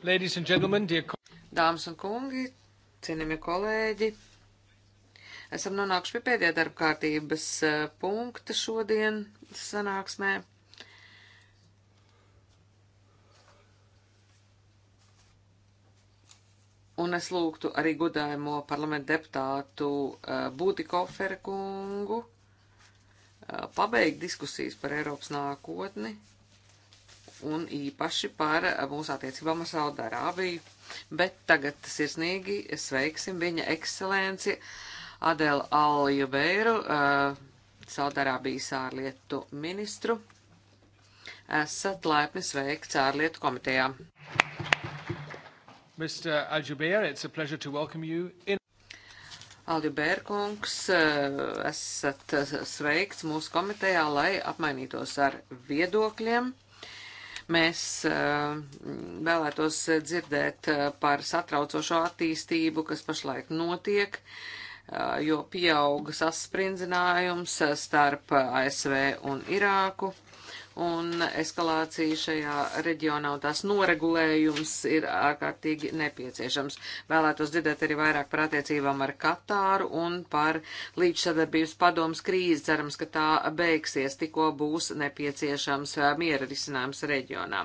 Ladies and gentlemen, dear... Dāmas un kungi, cienījamie kolēģi, esam nonākuši pie pēdējā darba kārtības eh, punkta šodien sanāksmē. Un es lūgtu arī godājumo parlamentu deputātu eh, Būtikofera kungu eh, pabeigt diskusijas par Eiropas nākotni un īpaši par mūsu attiecībām ar Saudārābiju. Bet tagad sirsnīgi sveiksim viņa ekscelenci Adelu Aljubeiru, uh, Saudārābijas ārlietu ministru. Esat laipni sveikts ārlietu komitejā. Mr. Aljubeir, it's a pleasure to welcome you in. Aldi Bērkungs, eh, esat eh, sveikts mūsu komitejā, lai apmainītos ar viedokļiem. Mēs eh, vēlētos dzirdēt eh, par satraucošo attīstību, kas pašlaik notiek, eh, jo pieauga sasprindzinājums starp ASV un Irāku un eskalācija šajā reģionā un tās noregulējums ir ārkārtīgi nepieciešams. Vēlētos dzirdēt arī vairāk par attiecībām ar Katāru un par līdzsadarbības padomas krīzi. Cerams, ka tā beigsies, tikko būs nepieciešams miera risinājums reģionā.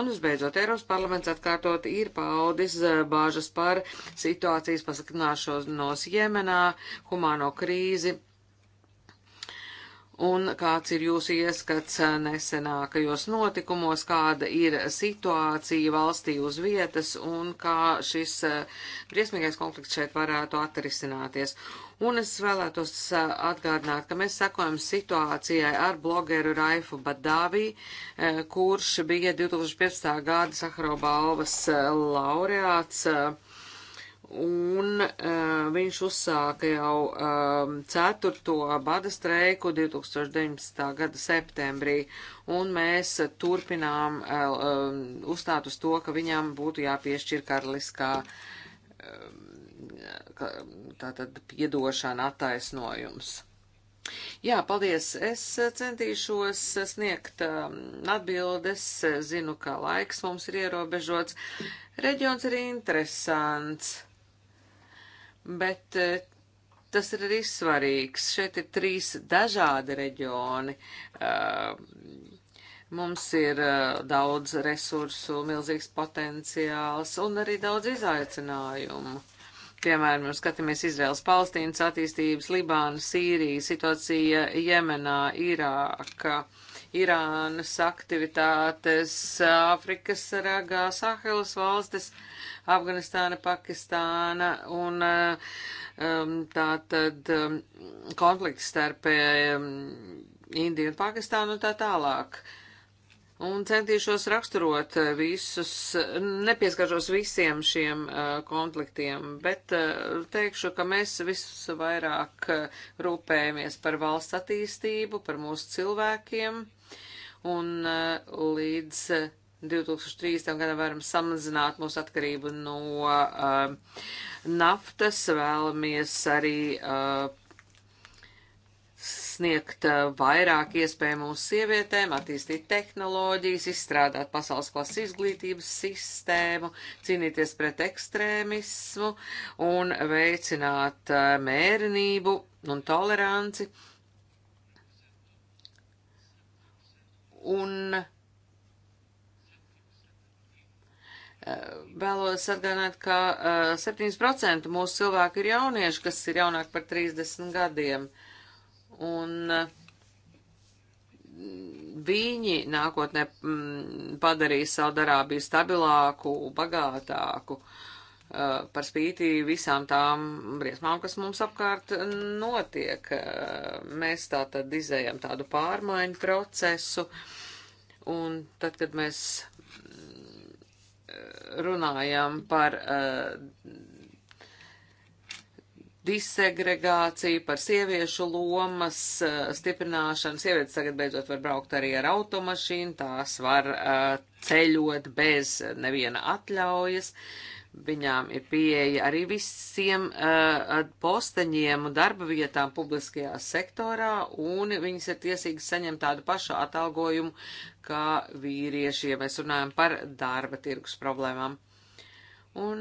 Un visbeidzot, Eiropas parlaments atkārtot ir paudis bāžas par situācijas pasliktināšanos Jemenā, humāno krīzi un kāds ir jūsu ieskats nesenākajos notikumos, kāda ir situācija valstī uz vietas un kā šis e, briesmīgais konflikts šeit varētu atrisināties. Un es vēlētos e, atgādināt, ka mēs sekojam situācijai ar blogeru Raifu Badāvī, e, kurš bija 2015. gada Sahara balvas laureāts un uh, viņš uzsāka jau um, ceturto bada streiku 2019. gada septembrī, un mēs turpinām uh, um, uzstāt uz to, ka viņam būtu jāpiešķir karaliskā um, tātad piedošana attaisnojums. Jā, paldies. Es centīšos sniegt um, atbildes. Zinu, ka laiks mums ir ierobežots. Reģions ir interesants bet eh, tas ir arī svarīgs. Šeit ir trīs dažādi reģioni. Eh, mums ir eh, daudz resursu, milzīgs potenciāls un arī daudz izaicinājumu. Piemēram, mēs skatāmies Izraels, Palestīnas attīstības, Libāna, Sīrija, situācija Jemenā, Irāka. Uh, Irānas aktivitātes Āfrikas ragā, Sahelas valstis, Afganistāna, Pakistāna un um, tā tad um, konflikts starp um, Indiju un Pakistānu un tā tālāk. Un centīšos raksturot uh, visus, nepieskaršos visiem šiem uh, konfliktiem, bet uh, teikšu, ka mēs visu vairāk uh, rūpējamies par valsts attīstību, par mūsu cilvēkiem un uh, līdz 2030. Uh, gadam varam samazināt mūsu atkarību no uh, naftas, vēlamies arī uh, sniegt uh, vairāk iespēju mūsu sievietēm, attīstīt tehnoloģijas, izstrādāt pasaules klases izglītības sistēmu, cīnīties pret ekstrēmismu un veicināt uh, mērenību un toleranci. Uh, Un eh, vēlos atgādināt, ka 7% eh, mūsu cilvēku ir jaunieši, kas ir jaunāki par 30 gadiem. Un mm, viņi nākotnē mm, padarīs savu darābiju stabilāku, bagātāku. Uh, Uh, par spīti visām tām briesmām, kas mums apkārt notiek. Uh, mēs tā tad izējam tādu pārmaiņu procesu, un tad, kad mēs mm, runājam par uh, disegregāciju, par sieviešu lomas stiprināšanu. Sievietes tagad beidzot var braukt arī ar automašīnu, tās var ceļot bez neviena atļaujas. Uh, Viņām ir pieeja arī visiem uh, posteņiem un darba vietām publiskajā sektorā, un viņas ir tiesīgas saņemt tādu pašu atalgojumu kā vīrieši, ja mēs runājam par darba tirgus problēmām. Un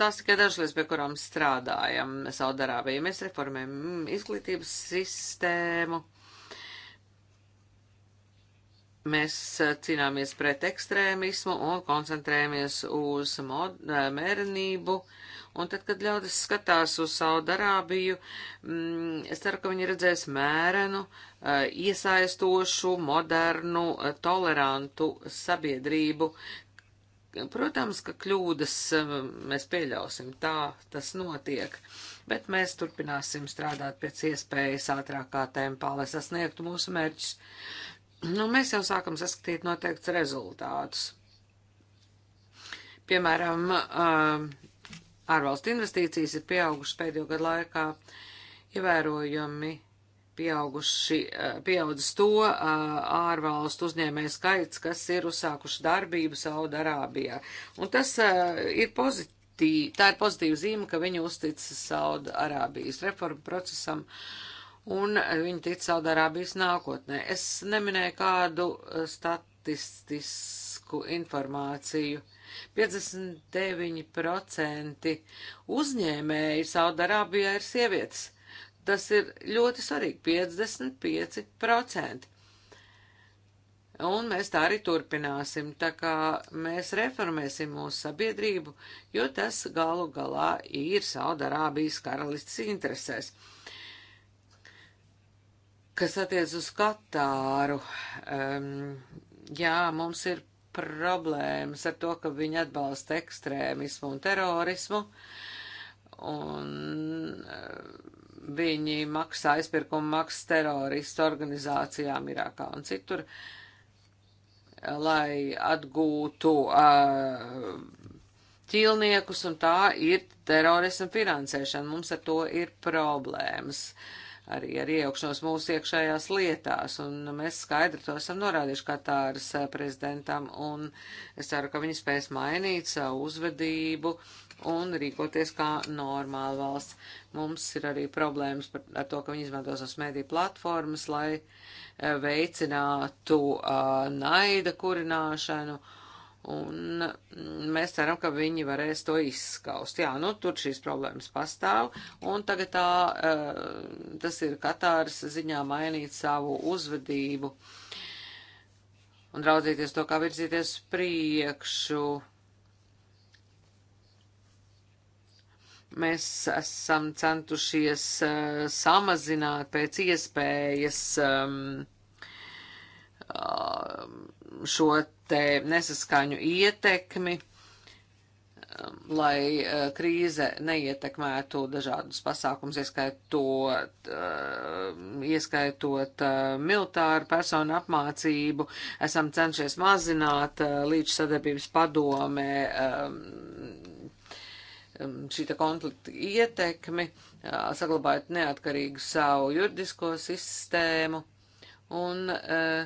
tās tikai dažas lietas, pie kurām strādājam Saudarābijā. Mēs reformējam mm, izglītības sistēmu. Uh, Mēs eh, cīnāmies pret ekstrēmismu un koncentrējamies uz mod, eh, mērenību. Un tad, kad ļaudis skatās uz Saudarābiju, mm, es ceru, ka viņi redzēs mērenu, eh, iesaistošu, modernu, tolerantu sabiedrību. Protams, ka kļūdas mēs pieļausim, tā tas notiek bet mēs turpināsim strādāt pēc iespējas ātrākā tempā, lai sasniegtu mūsu mērķus. Nu, mēs jau sākam saskatīt noteikts rezultātus. Piemēram, ārvalstu investīcijas ir pieaugušas pēdējo gadu laikā ievērojami pieauguši, pieaudzis to ārvalstu uzņēmēju skaits, kas ir uzsākuši darbību Saudarābijā. Un tas ir pozitīvi, tā ir pozitīva zīme, ka viņi uzticas Saudarābijas reformu procesam. Uh, un viņi tic Saudārābijas nākotnē. Es neminēju kādu eh, statistisku informāciju. 59% uzņēmēji Saudārābijā ir sievietes. Tas ir ļoti svarīgi - 55%. Un mēs tā arī turpināsim, tā kā mēs reformēsim mūsu sabiedrību, jo tas galu galā ir Saudarābijas karalists interesēs. Kas attiec uz Katāru, um, jā, mums ir problēmas ar to, ka viņi atbalsta ekstrēmismu un terorismu, un viņi maksā aizpirkumu maksas teroristu organizācijām Irākā un citur, lai atgūtu uh, ķīlniekus, un tā ir terorismu finansēšana. Mums ar to ir problēmas. Uh, arī ar iejaukšanos mūsu iekšējās lietās, un mēs skaidri to esam norādījuši Katāras eh, prezidentam, un es ceru, ka viņi spēs mainīt savu uzvedību un rīkoties kā normāla valsts. Mums ir arī problēmas par, ar to, ka viņi izmanto savas mediju platformas, lai eh, veicinātu uh, naida kurināšanu. Uh, un mm, mēs ceram, ka viņi varēs to izskaust. Jā, nu tur šīs problēmas pastāv, un tagad tā, eh, tas ir Katāras ziņā mainīt savu uzvedību un raudzīties to, kā virzīties priekšu. Mēs esam centušies uh, samazināt pēc iespējas um, Um, šo te nesaskaņu ietekmi, um, lai uh, krīze neietekmētu dažādus pasākums, ieskaitot, um, ieskaitot uh, militāru personu apmācību. Esam cenšies mazināt uh, līdz sadarbības padomē šīta konflikta ietekmi, saglabājot neatkarīgu savu juridisko sistēmu un uh,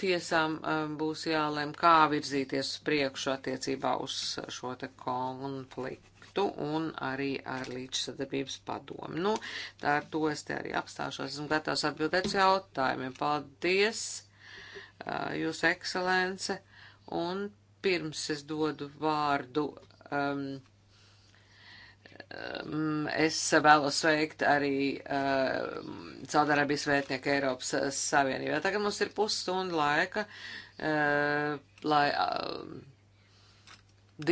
tiesām eh, būs jālem, kā virzīties uz priekšu attiecībā uz šo te konfliktu un arī ar līdzsadarbības padomu. Nu, tā ar to es te arī apstāšos. Esmu gatavs atbildēt uz jautājumiem. Paldies, eh, Jūsu ekscelence. Un pirms es dodu vārdu. Um, Um, es vēlos sveikt arī uh, um, Saudārābijas vētnieku Eiropas Savienībā. Tagad mums ir pusstunda laika, uh, lai uh,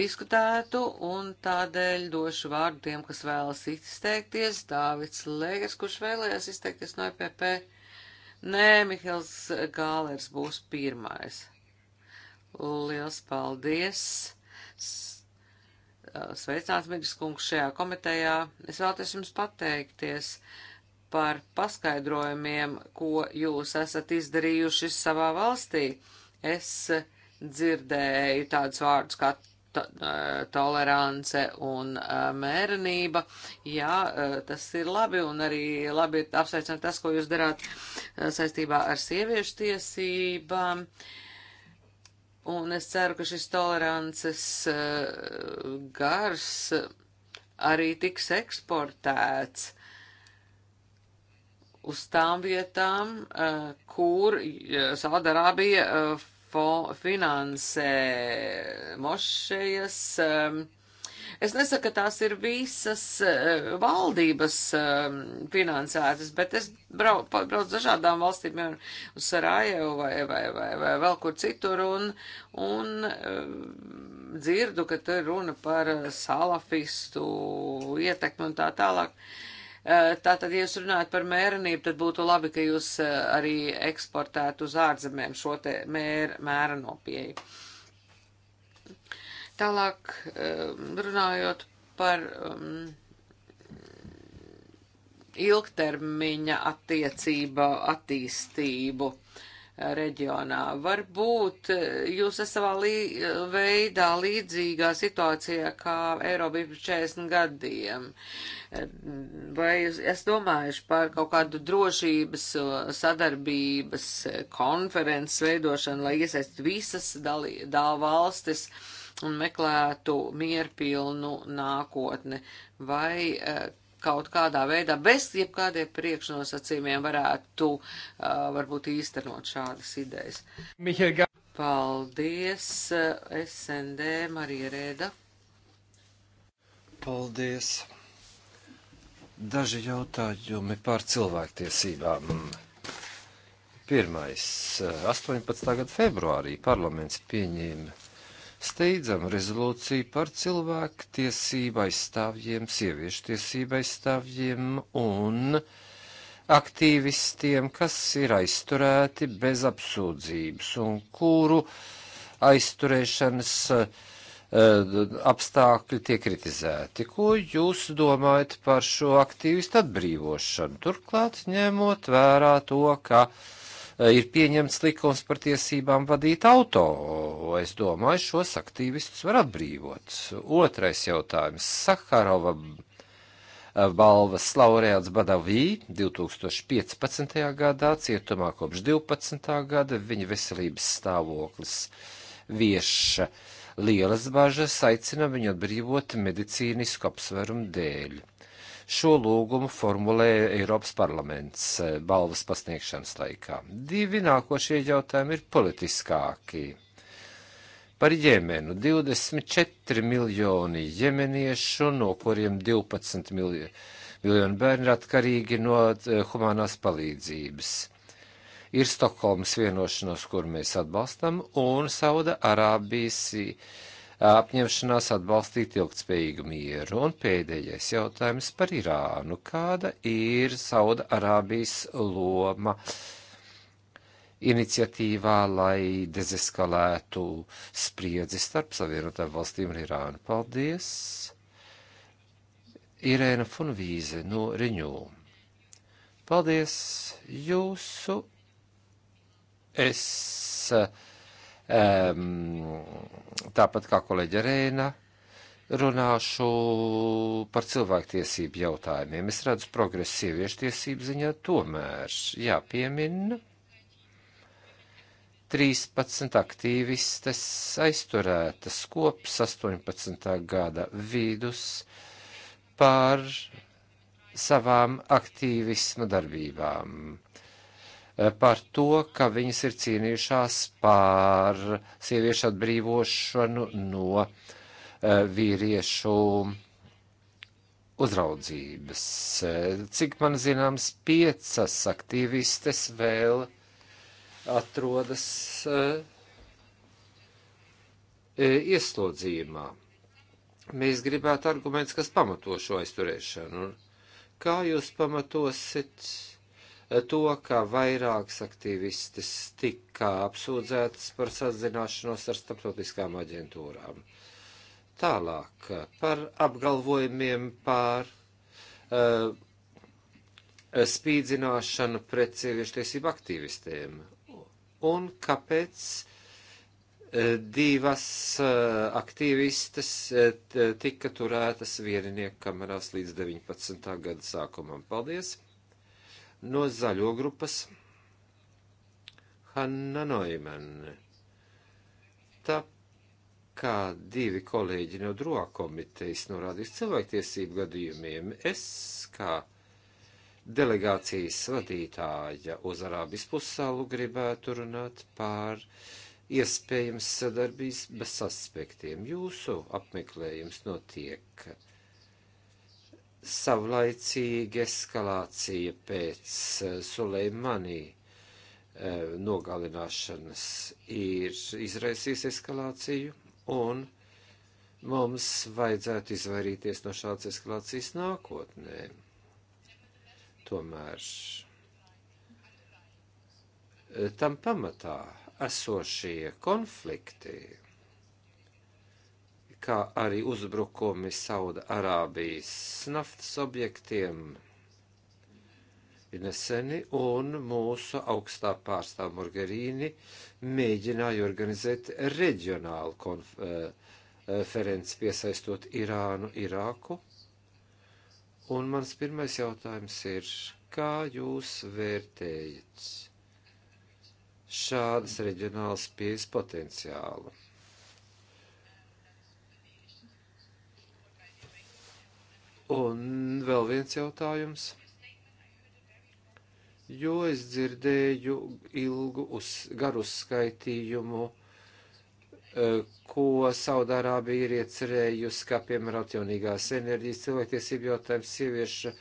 diskutētu, un tādēļ došu vārdu tiem, kas vēlas izteikties. Dāvids Lēgers, kurš vēlējās izteikties no EPP. Nē, Mihils Gālers būs pirmais. Liels paldies! S Eh, sveicināts, Migas kungs, šajā komitejā. Es vēlties jums pateikties par paskaidrojumiem, ko jūs esat izdarījuši savā valstī. Es dzirdēju tādus vārdus kā eh, tolerance un eh, mērenība. Jā, tas ir labi un arī labi apsveicam tas, ko jūs darāt saistībā ar sieviešu tiesībām. Uh, Un es ceru, ka šis tolerances eh, gars eh, arī tiks eksportēts uz tām vietām, eh, kur Saudarābija finansē mošejas Es nesaku, ka tās ir visas eh, valdības ehm, finansētas, bet es braucu brauc dažādām valstīm, piemēram, uz Sarajevu vai, vai, vai, vai vēl kur citur, un, un ehm, dzirdu, ka te runa par eh, salafistu ietekmi un tā tālāk. Eh, Tātad, ja jūs runājat par mērenību, tad būtu labi, ka jūs arī eksportētu uz ārzemēm šo te mēr, mēra nopieju. Tālāk um, runājot par um, ilgtermiņa attiecība attīstību uh, reģionā. Varbūt uh, jūs esat savā lī, uh, veidā līdzīgā situācijā kā Eiropa pirms 40 gadiem. Vai jūs esat domājuši par kaut kādu drošības sadarbības konferences veidošanu, lai iesaist visas dalī, dal valstis? Uh, un meklētu mierpilnu nākotni, vai eh, kaut kādā veidā bez jebkādiem priekšnosacījumiem varētu eh, varbūt īstenot šādas idejas. Mihaļ, paldies, eh, SND Marija Rēda. Paldies. Daži jautājumi par cilvēktiesībām. Pirmais, 18. gada februārī parlaments pieņēma steidzamu rezolūciju par cilvēku tiesību aizstāvjiem, sieviešu tiesību aizstāvjiem un aktīvistiem, kas ir aizturēti bez apsūdzības un kuru aizturēšanas uh, apstākļi tiek kritizēti. Ko jūs domājat par šo aktīvistu atbrīvošanu? Turklāt ņemot vērā to, ka uh, Eh, ir pieņemts likums par tiesībām vadīt auto. Es domāju, šos aktīvistus var atbrīvot. Otrais jautājums - Sakarova eh, balvas laureāts Badavī 2015. gadā, cietumā kopš 12. gada, viņa veselības stāvoklis vieša lielas bažas, aicina viņu atbrīvot medicīnisku apsverumu dēļ. Šo lūgumu formulē Eiropas parlaments eh, balvas pasniegšanas laikā. Divi nākošie jautājumi ir politiskākie par Jemenu. 24 miljoni jemeniešu, no kuriem 12 miljo, miljoni bērni ir atkarīgi no uh, humanās palīdzības. Ir Stokholmas vienošanos, kur mēs atbalstam, un Sauda Arābijas apņemšanās atbalstīt ilgtspējīgu mieru. Un pēdējais jautājums par Irānu. Kāda ir Sauda Arābijas loma iniciatīvā, lai dezeskalētu spriedzi starp Savienotām valstīm un Irānu? Paldies! Irēna Funvīze no Riņū. Paldies! Jūsu es. Uh, tāpat kā kolēģa Rēna runāšu par cilvēktiesību jautājumiem. Es redzu progresu sieviešu tiesību ziņā, tomēr jāpiemina 13 aktīvistes aizturētas kops 18. gada vidus par savām aktīvisma darbībām. Uh, Eh, par to, ka viņas ir cīnījušās par sieviešu atbrīvošanu no eh, vīriešu uzraudzības. Eh, cik man zināms, piecas aktīvistes vēl atrodas ieslodzījumā. Mēs gribētu arguments, kas pamato šo aizturēšanu. Kā jūs pamatosiet? to, ka vairākas aktīvistes tika apsūdzētas par sazināšanos ar starptautiskām aģentūrām. Tālāk eh, par apgalvojumiem par uh, spīdzināšanu pret sieviešu tiesību aktīvistiem un kāpēc eh, divas aktīvistes tika turētas vieninieku kamerās līdz 19. gada sākumam. Paldies! no zaļo grupas Hanna Noimane. Tā kā divi kolēģi no droā komitejas norādīs cilvēktiesību gadījumiem, es kā delegācijas vadītāja uz Arābijas pussalu gribētu runāt par iespējams sadarbības aspektiem. Jūsu apmeklējums notiek savlaicīga eskalācija pēc eh, Suleimanī eh, nogalināšanas ir izraisījis eskalāciju, un mums vajadzētu izvairīties no šādas eskalācijas nākotnē. Tomēr eh, tam pamatā esošie konflikti kā arī uzbrukumi Sauda Arābijas naftas objektiem ir neseni, un mūsu augstā pārstāv Morgerīni mēģināja organizēt reģionālu konferenci eh, eh, piesaistot Irānu, Irāku. Un mans pirmais jautājums ir, kā jūs vērtējat šādas reģionālas pieejas potenciālu? Un vēl viens jautājums. Jo es dzirdēju ilgu uz, garu skaitījumu, eh, ko Saudārābija ir iecerējusi, kā piemēram atjaunīgās enerģijas, cilvēktiesību jautājums, sieviešu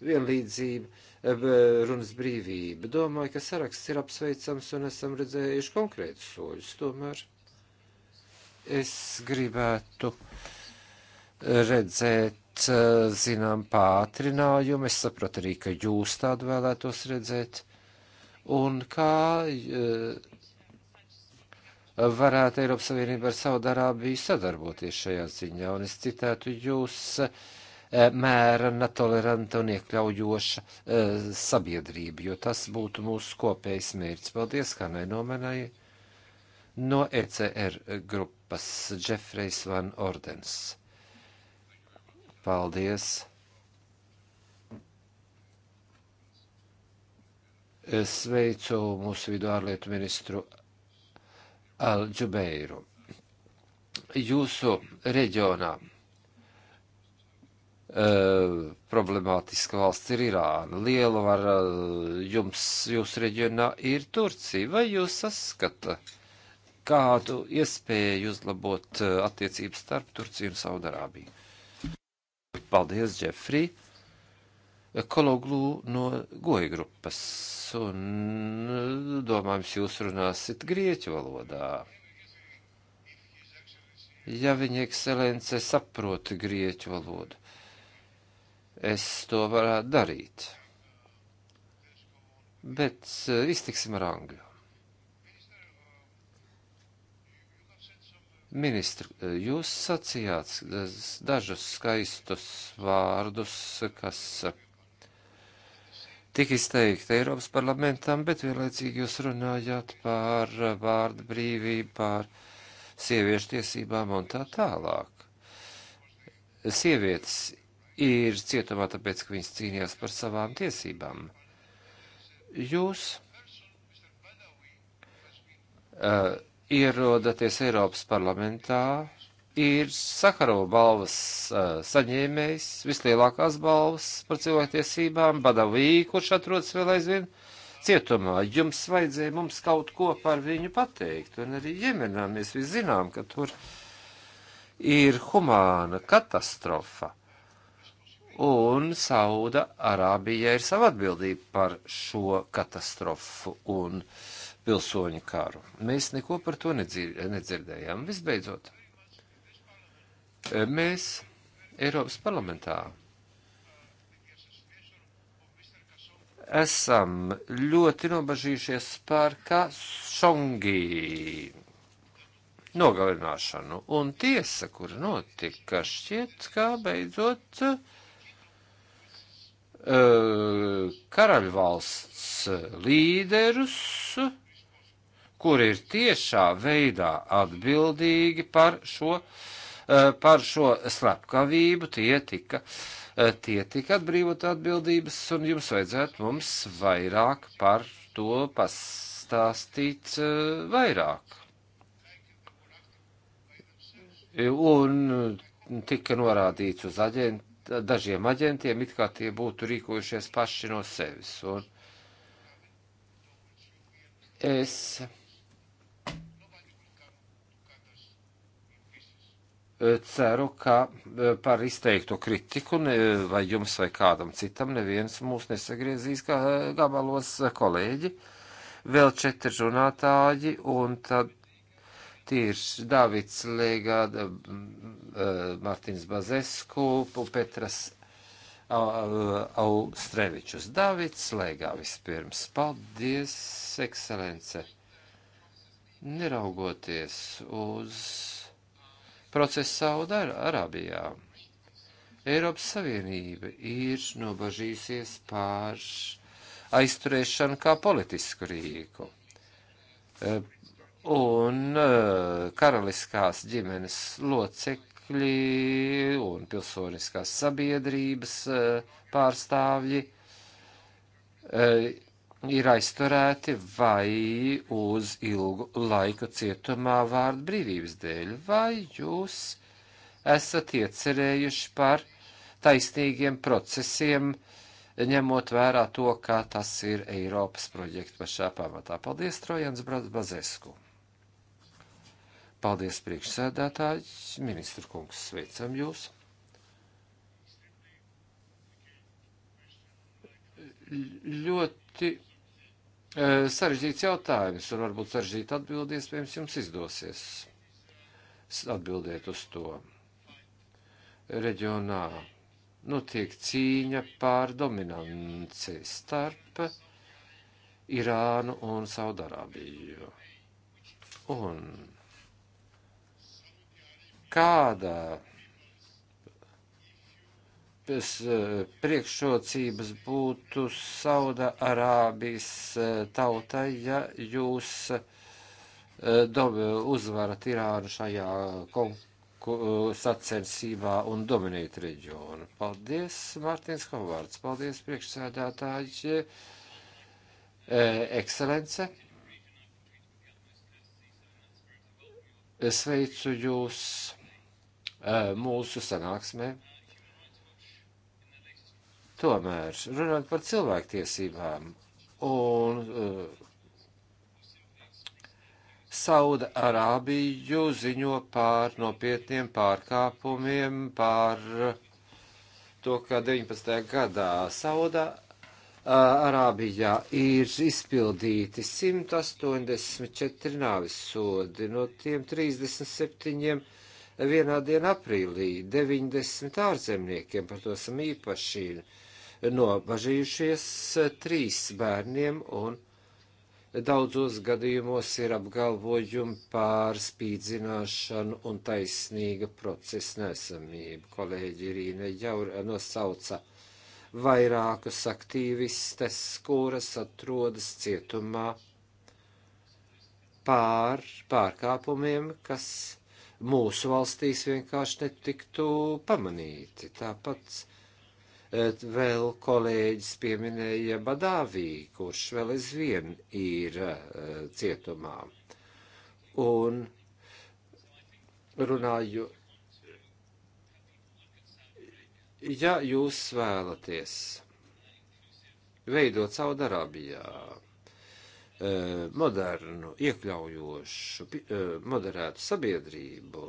vienlīdzība, eh, runas brīvība. Domāju, ka saraksts ir apsveicams un esam redzējuši konkrētus soļus. Tomēr es gribētu redzēt Eh, zinām pātrinājumu. Es saprotu arī, ka jūs tādu vēlētos redzēt. Un kā eh, varētu Eiropas Savienība ar savu darābiju sadarboties šajā ziņā? Un es citētu jūs eh, mērena, toleranta un iekļaujoša sabiedrība, jo tas būtu mūsu kopējs mērķis. Paldies, kā nenomenai no ECR grupas Džefrejs Van Ordens. Paldies! Es sveicu mūsu vidu ārlietu ministru Alģubeiru. Jūsu reģionā Uh, problemātiska valsts ir Irāna. Liela var uh, e, jums, jūsu reģionā ir Turcija. Vai jūs saskata kādu iespēju uzlabot uh, attiecības starp Turciju un Saudarābiju? Paldies, Džefrī! Kologlu no goja grupas, un domājams, jūs runāsit grieķu valodā. Ja viņa ekscelence saprot grieķu valodu, es to varētu darīt. Bet eh, iztiksim ar angļu. Ministru, eh, jūs sacījāt eh, dažus skaistus vārdus, kas eh, tik izteikti Eiropas parlamentam, bet vienlaicīgi jūs runājāt par vārdu brīvību, par sieviešu tiesībām un tā tālāk. Sievietes ir cietumā, tāpēc, ka viņas cīnījās par savām tiesībām. Jūs uh, ierodaties Eiropas parlamentā, ir Sakarova balvas uh, saņēmējs, vislielākās balvas par cilvēktiesībām, Badavī, kurš atrodas vēl aizvien cietumā. Jums vajadzēja mums kaut ko par viņu pateikt, un arī Jemenā mēs visi zinām, ka tur ir humāna katastrofa un Sauda Arābija ir sava atbildība par šo katastrofu un pilsoņu karu. Mēs neko par to nedzir nedzirdējām. Visbeidzot, mēs Eiropas parlamentā esam ļoti nobažījušies par Kašongi nogalināšanu, un tiesa, kur notika, šķiet, kā beidzot uh, Eh, karaļvalsts līderus, kuri ir tiešā veidā atbildīgi par šo, eh, par šo slepkavību, tie tika, eh, tie tika atbrīvot atbildības, un jums vajadzētu mums vairāk par to pastāstīt vairāk. Un tika norādīts uz aģentu dažiem aģentiem, it kā tie būtu rīkojušies paši no sevis. Un es ceru, ka e, par izteikto kritiku ne, vai jums vai kādam citam neviens mūs nesagriezīs kā gabalos kolēģi. Vēl četri runātāji, un tad Tīrs, Davids Lēgāda, eh, Martins Bazesku, Petras Austrevičus. Davids Lēgā vispirms. Paldies, ekscelence! Neraugoties uz procesu Saudā Arābijā, Eiropas Savienība ir nobažījusies pār aizturēšanu kā politisku rīku eh, un eh, karaliskās ģimenes locekļi un pilsoniskās sabiedrības eh, pārstāvji eh, ir aizturēti vai uz ilgu laiku cietumā vārdu brīvības dēļ, vai jūs esat iecerējuši par taisnīgiem procesiem, ņemot vērā to, ka tas ir Eiropas projekts pašā pamatā. Paldies, Trojans Brazesku! Paldies, priekšsēdētāji, ministru kungs, sveicam jūs. Ļoti e, sarežģīts jautājums un varbūt sarežģīta atbildi, iespējams, jums izdosies atbildēt uz to. Reģionā notiek cīņa pār dominanci starp Irānu un Saudarābiju. Un kādā eh, priekšrocības būtu Sauda Arābijas eh, tautai, ja jūs eh, uzvarat Irānu šajā sacensībā un dominēt reģionu. Paldies, Mārtiņš Hovārds. Paldies, priekšsēdētāji. Ekscelence. Sveicu jūs. Eh, mūsu sanāksmē. Tomēr runāt par cilvēktiesībām un uh, eh, Sauda Arābiju ziņo par nopietniem pārkāpumiem, par eh, to, ka 19. gadā Sauda Arābijā ir izpildīti 184 nāvis sodi, no tiem 37 vienā dienā aprīlī 90 ārzemniekiem, par to esam īpaši nobažījušies trīs bērniem un daudzos gadījumos ir apgalvojumi pār spīdzināšanu un taisnīga procesa nesamību. Kolēģi Irīne jau nosauca vairākus aktīvistes, kuras atrodas cietumā pār pārkāpumiem, kas mūsu valstīs vienkārši netiktu pamanīti. Tāpat e, vēl kolēģis pieminēja Badāvī, kurš vēl aizvien ir e, cietumā. Un runāju, ja jūs vēlaties veidot savu darabijā, Eh, modernu, iekļaujošu, eh, moderētu sabiedrību,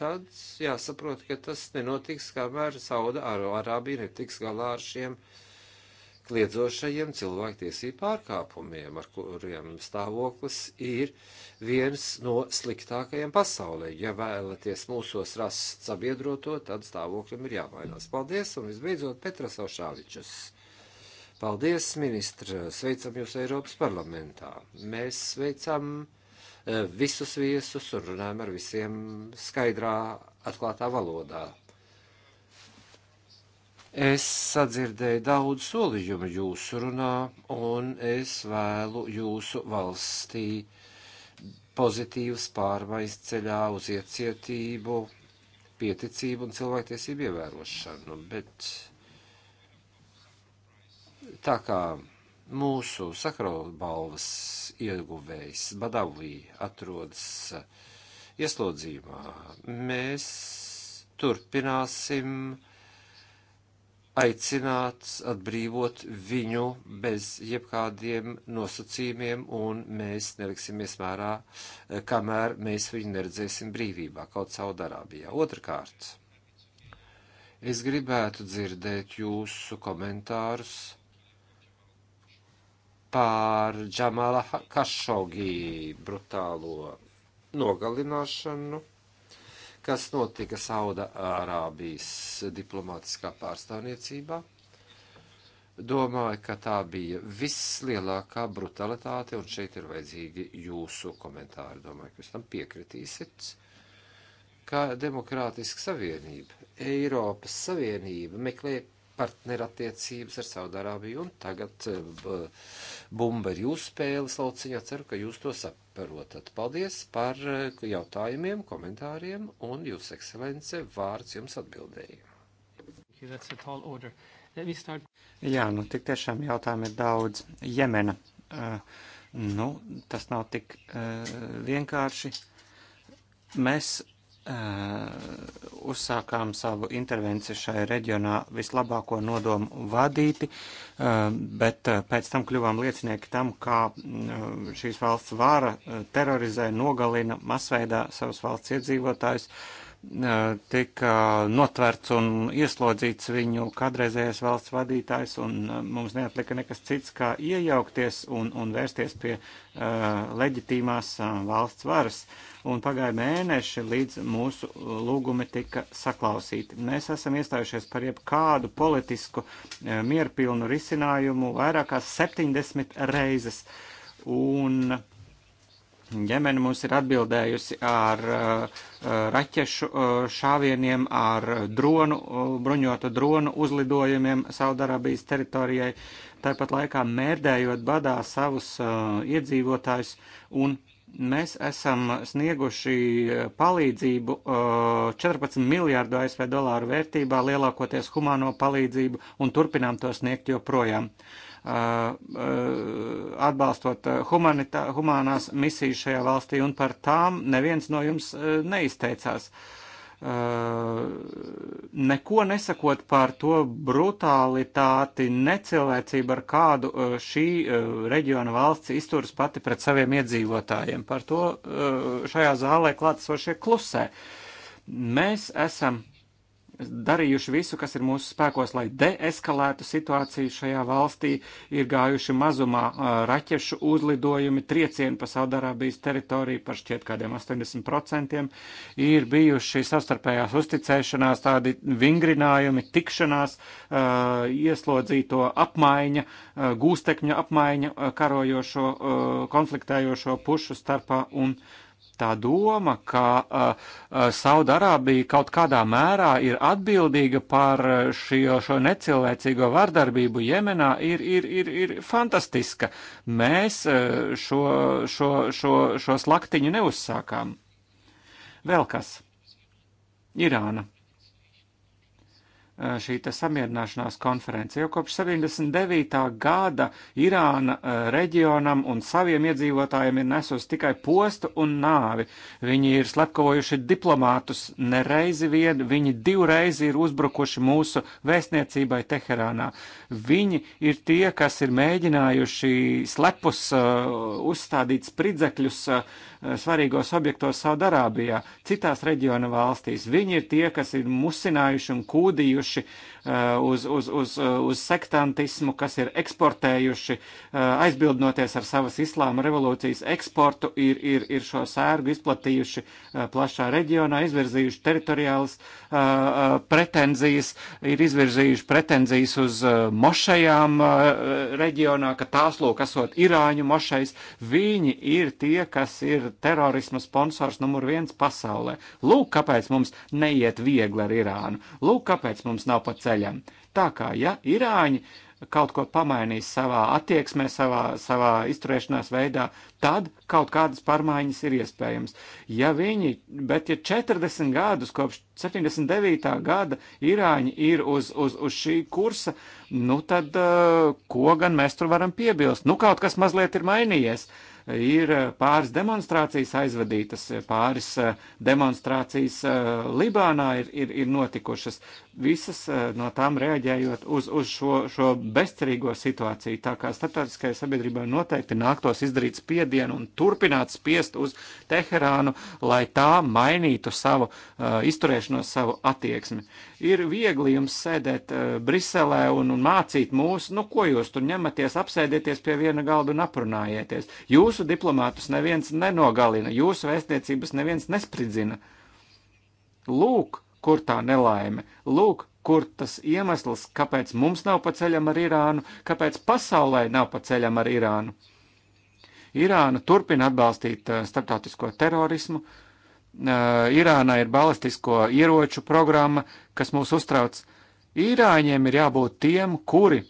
tad jāsaprot, ka tas nenotiks, kamēr Sauda Arābija netiks galā ar šiem kliedzošajiem cilvēktiesību pārkāpumiem, ar kuriem stāvoklis ir viens no sliktākajiem pasaulē. Ja vēlaties mūsos rast sabiedroto, tad stāvoklim ir jāmainās. Paldies, un visbeidzot, Petras Ošāvičus. Paldies, ministra! Sveicam jūs Eiropas parlamentā. Mēs sveicam e, visus viesus un runājam ar visiem skaidrā, atklātā valodā. Es sadzirdēju daudz solījumu jūsu runā, un es vēlu jūsu valstī pozitīvas pārmaiņas ceļā uz iecietību, pieticību un cilvēktiesību ievērošanu, bet Tā kā mūsu Sakarova balvas ieguvējs Badavlī atrodas eh, ieslodzījumā, mēs turpināsim aicināt atbrīvot viņu bez jebkādiem nosacījumiem, un mēs neliksimies mērā, eh, kamēr mēs viņu neredzēsim brīvībā, kaut Saudarābijā. Otrakārt, es gribētu dzirdēt jūsu komentārus pār Džamala Kašogī brutālo nogalināšanu, kas notika Sauda Arābijas diplomātiskā pārstāvniecībā. Domāju, ka tā bija vislielākā brutalitāte, un šeit ir vajadzīgi jūsu komentāri. Domāju, ka jūs tam piekritīsiet, ka Demokrātiska Savienība, Eiropas Savienība meklē partnerattiecības ar Saudārābiju, un tagad eh, bumba ir jūsu spēles lauciņā. Ceru, ka jūs to saprotat. Paldies par eh, jautājumiem, komentāriem, un jūs, ekscelence, vārds jums atbildēja. Jā, nu tik tiešām jautājumi ir daudz. Jemena. Uh, nu, tas nav tik uh, vienkārši. Mēs Eh, uzsākām savu intervenciju šai reģionā vislabāko nodomu vadīti, eh, bet eh, pēc tam kļuvām liecinieki tam, kā mm, šīs valsts vāra terorizē, nogalina masveidā savus valsts iedzīvotājus tika notverts un ieslodzīts viņu kādreizējais valsts vadītājs, un mums neatlika nekas cits, kā iejaukties un, un vērsties pie uh, leģitīmās uh, valsts varas. Un pagāja mēneši, līdz mūsu lūgumi tika saklausīti. Mēs esam iestājušies par jebkādu politisku uh, mierpilnu risinājumu vairākās 70 reizes. Un, uh, Ģemene mums ir atbildējusi ar uh, raķešu uh, šāvieniem, ar dronu, uh, eh, bruņotu dronu uzlidojumiem Saudarābijas teritorijai, tāpat laikā mēdējot badā savus uh, iedzīvotājus, un mēs esam snieguši palīdzību uh, 14 miljārdu ASV dolāru vērtībā, lielākoties humāno palīdzību, un turpinām to sniegt joprojām. Uh, atbalstot humanitā, humanās misijas šajā valstī, un par tām neviens no jums neizteicās. Neko nesakot par to brutalitāti, necilvēcību, ar kādu šī reģiona valsts izturas pati pret saviem iedzīvotājiem. Par to šajā zālē klātesošie klusē. Mēs esam darījuši visu, kas ir mūsu spēkos, lai deeskalētu situāciju šajā valstī. Ir gājuši mazumā raķešu uzlidojumi, triecieni pa Saudārābijas teritoriju par šķiet kādiem 80%. Ir bijuši savstarpējās uzticēšanās tādi vingrinājumi, tikšanās, ieslodzīto apmaiņa, gūstekņu apmaiņa karojošo, konfliktējošo pušu starpā un starpā tā doma, ka uh, Saudarābija kaut kādā mērā ir atbildīga par šio, šo necilvēcīgo vardarbību Jemenā, ir, ir, ir, ir fantastiska. Mēs uh, šo, šo, šo, šo slaktiņu neuzsākām. Vēl kas? Irāna šī samierināšanās konference. Jau kopš 79. gada Irāna reģionam un saviem iedzīvotājiem ir nesusi tikai postu un nāvi. Viņi ir slepkavojuši diplomātus nereizi vien, viņi divreiz ir uzbrukuši mūsu vēstniecībai Teherānā. Viņi ir tie, kas ir mēģinājuši slepus uh, uzstādīt spridzekļus uh, Eh, svarīgos objektos Saudarābijā, citās reģiona valstīs. Viņi ir tie, kas ir musinājuši un kūdījuši eh, uz, uz, uz, eh, uz sektantismu, kas ir eksportējuši, aizbildnoties ar savas islāma revolūcijas eksportu, ir, ir, ir šo sērgu izplatījuši plašā reģionā, izvirzījuši teritoriālas pretenzijas, ir izvirzījuši pretenzijas uz mošajām reģionā, ka tās lūk esot Irāņu mošais. Viņi ir tie, kas ir terorisma sponsors numur viens pasaulē. Lūk, kāpēc mums neiet viegli ar Irānu. Lūk, kāpēc mums nav pa ceļam. Tā kā, ja Irāņi kaut ko pamainīs savā attieksmē, savā, savā izturēšanās veidā, tad kaut kādas pārmaiņas ir iespējams. Ja viņi, bet ja 40 gadus kopš 79. gada Irāņi ir uz, uz, uz šī kursa, nu tad uh, ko gan mēs tur varam piebilst? Nu kaut kas mazliet ir mainījies. Uh, ir eh, pāris demonstrācijas aizvadītas, eh, pāris eh, demonstrācijas Libānā ir, ir, ir notikušas. Visas no tām reaģējot uz, uz šo, šo bezcerīgo situāciju. Tā kā starptautiskajai sabiedrībai noteikti nāktos izdarīt spiedienu un turpināt spiest uz Teherānu, lai tā mainītu savu uh, izturēšanos, savu attieksmi. Ir viegli jums sēdēt uh, Briselē un, un mācīt mūs, nu ko jūs tur ņematies, apsēdieties pie viena galda un aprunājieties. Jūs Jūsu diplomātus neviens nenogalina, jūsu vēstniecības neviens nespridzina. Lūk, kur tā nelaime, lūk, kur tas iemesls, kāpēc mums nav pa ceļam ar Irānu, kāpēc pasaulē nav pa ceļam ar Irānu. Irāna turpina atbalstīt uh, starptautisko terorismu, uh, Irānā ir balistisko ieroču programma, kas mūs uztrauc. Irāņiem ir jābūt tiem, kuri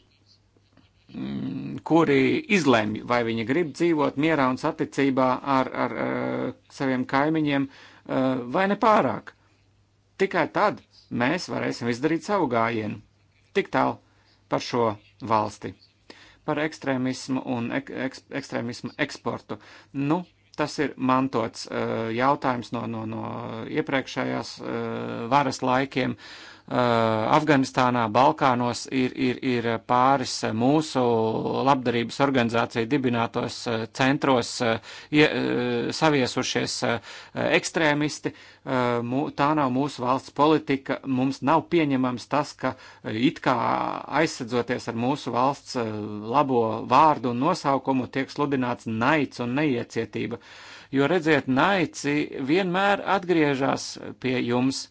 Mm, kuri izlemj, vai viņi grib dzīvot mierā un saticībā ar, ar, ar eh, saviem kaimiņiem, eh, vai ne pārāk. Tikai tad mēs varēsim izdarīt savu gājienu. Tik tālu par šo valsti, par ekstrēmismu un ek, ek, ekstrēmismu eksportu. Nu, tas ir mantots eh, jautājums no, no, no iepriekšējās varas laikiem. Uh, Eh, Afganistānā, Balkānos ir, ir, ir pāris mūsu labdarības organizāciju dibinātos eh, centros eh, ie, saviesušies ekstrēmisti. Tā nav mūsu valsts politika. Mums nav pieņemams tas, ka it kā aizsadzoties ar mūsu valsts labo vārdu un nosaukumu tiek sludināts naids un neiecietība. Jo redziet, naici vienmēr atgriežas pie jums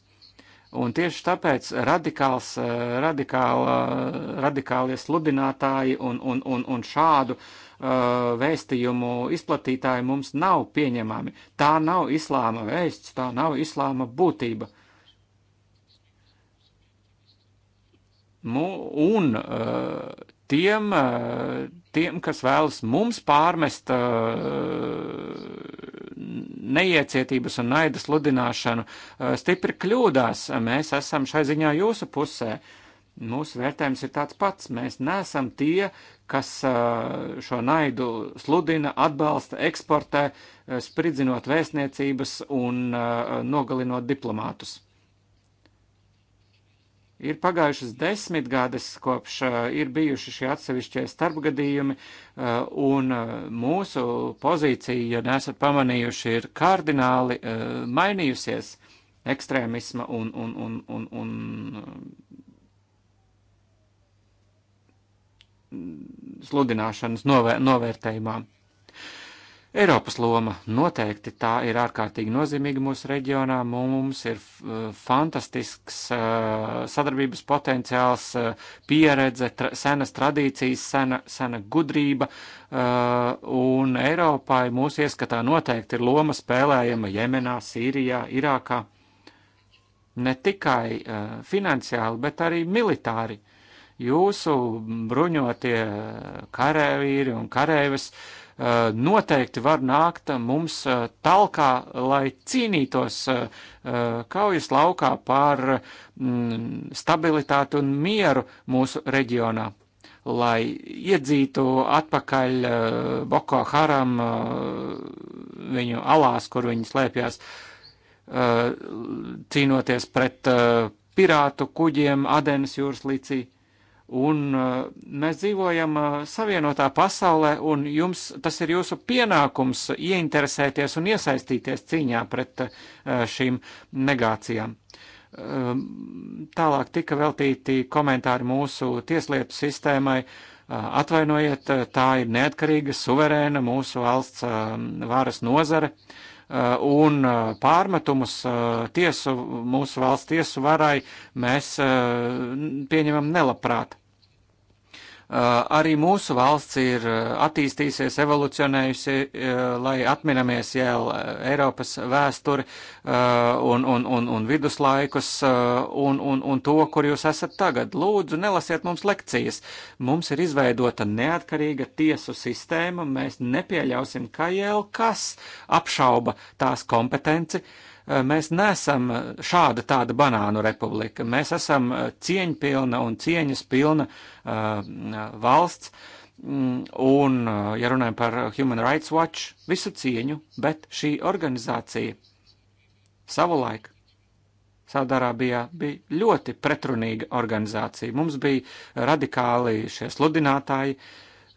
Un tieši tāpēc radikāls, eh, radikāla, radikālie sludinātāji un, un, un, un šādu uh, vēstījumu izplatītāji mums nav pieņemami. Tā nav islāma vēsts, tā nav islāma būtība. Mu, un uh, tiem, uh, tiem, kas vēlas mums pārmest uh, neiecietības un naidas ludināšanu, eh, stipri kļūdās. Mēs esam šai ziņā jūsu pusē. Mūsu vērtējums ir tāds pats. Mēs neesam tie, kas eh, šo naidu sludina, atbalsta, eksportē, eh, spridzinot vēstniecības un nogalinot diplomātus. Ir pagājušas desmitgades, kopš uh, ir bijuši šie atsevišķie starpgadījumi, uh, un uh, mūsu pozīcija, ja neesat pamanījuši, ir kardināli uh, mainījusies ekstrēmisma un, un, un, un, un sludināšanas novē, novērtējumā. Eiropas loma noteikti tā ir ārkārtīgi nozīmīga mūsu reģionā. Mums ir uh, fantastisks uh, sadarbības potenciāls, uh, pieredze, tra senas tradīcijas, sena, sena gudrība, un Eiropai mūsu ieskatā noteikti ir loma spēlējama Jemenā, Sīrijā, Irākā. Ne tikai finansiāli, bet arī militāri. Jūsu bruņotie karavīri un kareivis uh, Eh, noteikti var nākt eh, mums eh, talkā, lai cīnītos kaujas laukā par mm, stabilitāti un mieru mūsu reģionā, lai iedzītu atpakaļ Boko Haram viņu alās, kur viņi slēpjas, cīnoties pret pirātu kuģiem Adenas jūras līcī Un uh, mēs dzīvojam uh, savienotā pasaulē, un jums tas ir jūsu pienākums ieinteresēties un iesaistīties cīņā pret uh, šīm negācijām. Um, tālāk tika veltīti komentāri mūsu tieslietu sistēmai. Atvainojiet, tā ir neatkarīga, suverēna mūsu valsts um, varas nozare un pārmetumus tiesu, mūsu valsts tiesu varai mēs pieņemam nelabprāt. Arī mūsu valsts ir attīstījusies, evolucionējusi, lai atminamies jau Eiropas vēsturi un, un, un, un viduslaikus un, un, un to, kur jūs esat tagad. Lūdzu, nelasiet mums lekcijas. Mums ir izveidota neatkarīga tiesu sistēma, mēs nepieļausim, ka jau kas apšauba tās kompetenci. Uh, Mēs nesam šāda tāda banānu republika. Mēs esam e, cieņpilna un cieņas pilna e, valsts. Mm, un, e, ja runājam par Human Rights Watch, visu cieņu, bet šī organizācija savulaik Saudārābijā bija ļoti pretrunīga organizācija. Mums bija radikāli šie sludinātāji,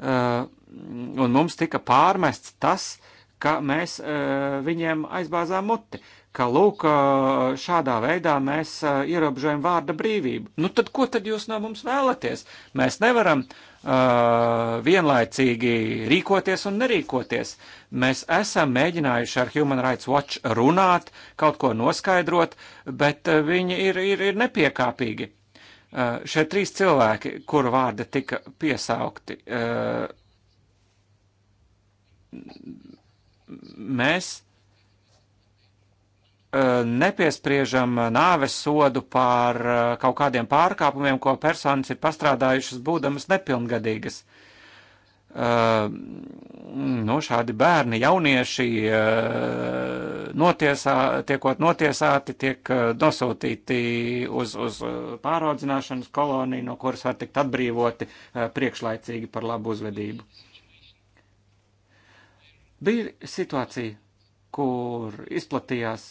un mums tika pārmests tas, ka mēs viņiem aizbāzām muti ka lūk, šādā veidā mēs ierobežojam vārda brīvību. Nu tad ko tad jūs no mums vēlaties? Mēs nevaram uh, vienlaicīgi rīkoties un nerīkoties. Mēs esam mēģinājuši ar Human Rights Watch runāt, kaut ko noskaidrot, bet viņi ir, ir, ir nepiekāpīgi. Uh, šie trīs cilvēki, kuru vārdi tika piesaukti, uh, mēs Eh, nepiespriežam eh, nāves sodu par eh, kaut kādiem pārkāpumiem, ko personas ir pastrādājušas būdamas nepilngadīgas. Uh, nu, šādi bērni, jaunieši, uh, notiesā, tiekot notiesāti, tiek uh, nosūtīti uz, uz pāraudzināšanas koloniju, no kuras var tikt atbrīvoti priekšlaicīgi par labu uzvedību. Bija situācija, kur izplatījās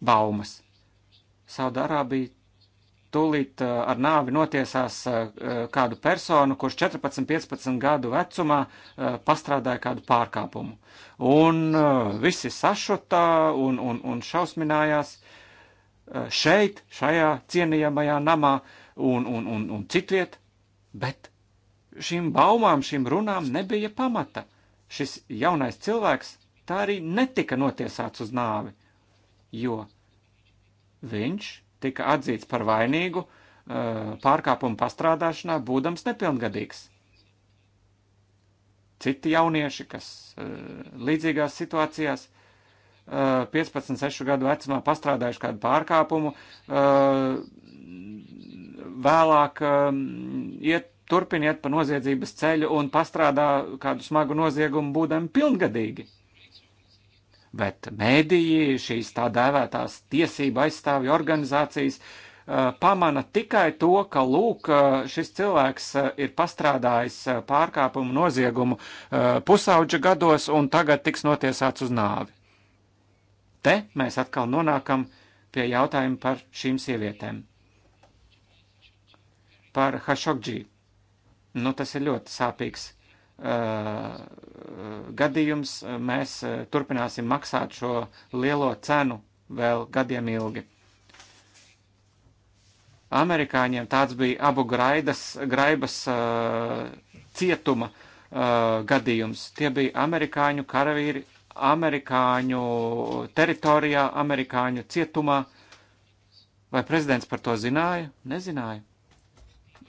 baumas. Saudārābija tūlīt eh, ar nāvi notiesās eh, kādu personu, kurš 14-15 gadu vecumā eh, pastrādāja kādu pārkāpumu. Un visi sašutā un, un, un šausminājās šeit, šajā cienījamajā namā un, un, un, un citviet, bet šīm baumām, šīm runām nebija pamata. Šis jaunais cilvēks tā arī netika notiesāts uz nāvi jo viņš tika atzīts par vainīgu eh, pārkāpumu pastrādāšanā, būdams nepilngadīgs. Citi jaunieši, kas eh, līdzīgās situācijās 15, eh, 6 gadu vecumā pastrādājuši kādu pārkāpumu, vēlāk iet, turpiniet pa noziedzības ceļu un pastrādā kādu smagu noziegumu, būdami pilngadīgi bet mēdīji, šīs tā dēvētās tiesība aizstāvju organizācijas, uh, pamana tikai to, ka lūk, uh, šis cilvēks uh, ir pastrādājis pārkāpumu noziegumu pusauģa gados un tagad tiks notiesāts uz nāvi. Te mēs atkal nonākam pie jautājuma par šīm sievietēm. Par Hašokģī. Nu, tas ir ļoti sāpīgs Eh, gadījums, eh, mēs eh, turpināsim maksāt šo lielo cenu vēl gadiem ilgi. Amerikāņiem tāds bija abu graidas, graibas uh, cietuma uh, gadījums. Tie bija amerikāņu karavīri, amerikāņu teritorijā, amerikāņu cietumā. Vai prezidents par to zināja? Nezināja.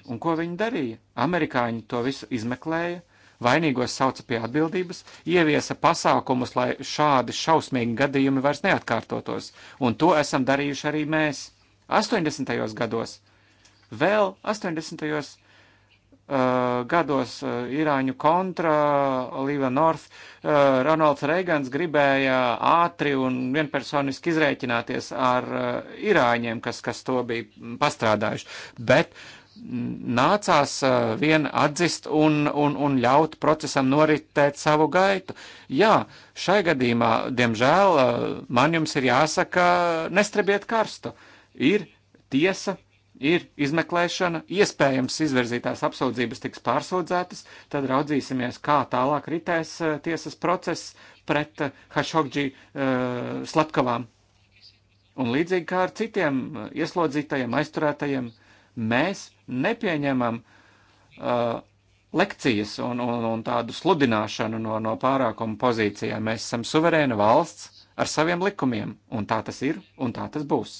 Un ko viņi darīja? Amerikāņi to visu izmeklēja, vainīgos sauca pie atbildības, ieviesa pasākumus, lai šādi šausmīgi gadījumi vairs neatkārtotos, un to esam darījuši arī mēs 80. gados. Vēl 80. Uh, gados gados uh, Irāņu kontra, uh, Līva North, Ronalds Reigans gribēja ātri un vienpersoniski izrēķināties ar Irāņiem, kas, kas to bija pastrādājuši. Bet nācās vien atzist un, un, un ļaut procesam noritēt savu gaitu. Jā, šai gadījumā, diemžēl, man jums ir jāsaka, nestrebiet karstu. Ir tiesa, ir izmeklēšana, iespējams izvirzītās apsūdzības tiks pārsūdzētas, tad raudzīsimies, kā tālāk ritēs tiesas process pret Hašokģi slepkavām. Un līdzīgi kā ar citiem ieslodzītajiem, aizturētajiem, mēs nepieņemam uh, lekcijas un, un, un tādu sludināšanu no, no pārākuma pozīcijām. Mēs esam suverēna valsts ar saviem likumiem, un tā tas ir, un tā tas būs.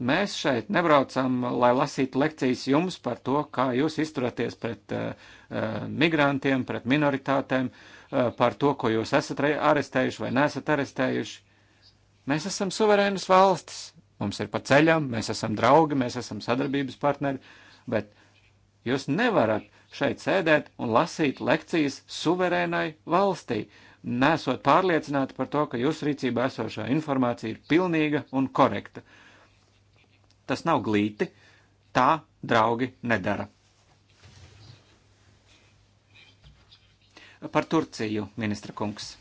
Mēs šeit nebraucam, lai lasītu lekcijas jums par to, kā jūs izturaties pret uh, uh migrantiem, pret minoritātēm, uh, par to, ko jūs esat arestējuši vai nesat arestējuši. Mēs esam suverēnas valstis, mums ir pa ceļam, mēs esam draugi, mēs esam sadarbības partneri, bet jūs nevarat šeit sēdēt un lasīt lekcijas suverēnai valstī, nesot pārliecināti par to, ka jūsu rīcībā esošā informācija ir pilnīga un korekta. Tas nav glīti, tā draugi nedara. Par Turciju, ministra kungs.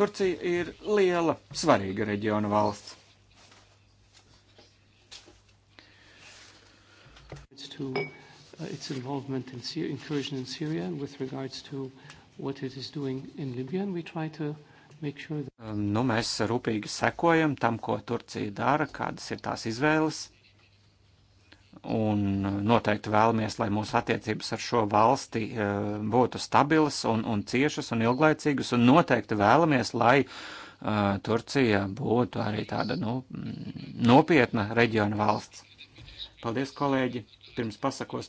Turcija ir liela, svarīga reģiona valsts. To, uh, its involvement in Syria, incursion in Syria, and with regards to what it is doing in Libya, and we try to make sure that. Um, nu, mēs rūpīgi sekojam tam, ko Turcija dara, kādas ir tās izvēles un uh, noteikti vēlamies, lai mūsu attiecības ar šo valsti uh, būtu stabilas un, un ciešas un ilglaicīgas, un noteikti vēlamies, lai uh, Turcija būtu arī tāda nu, mm, nopietna reģiona valsts. Paldies, kolēģi! Pirms pasakos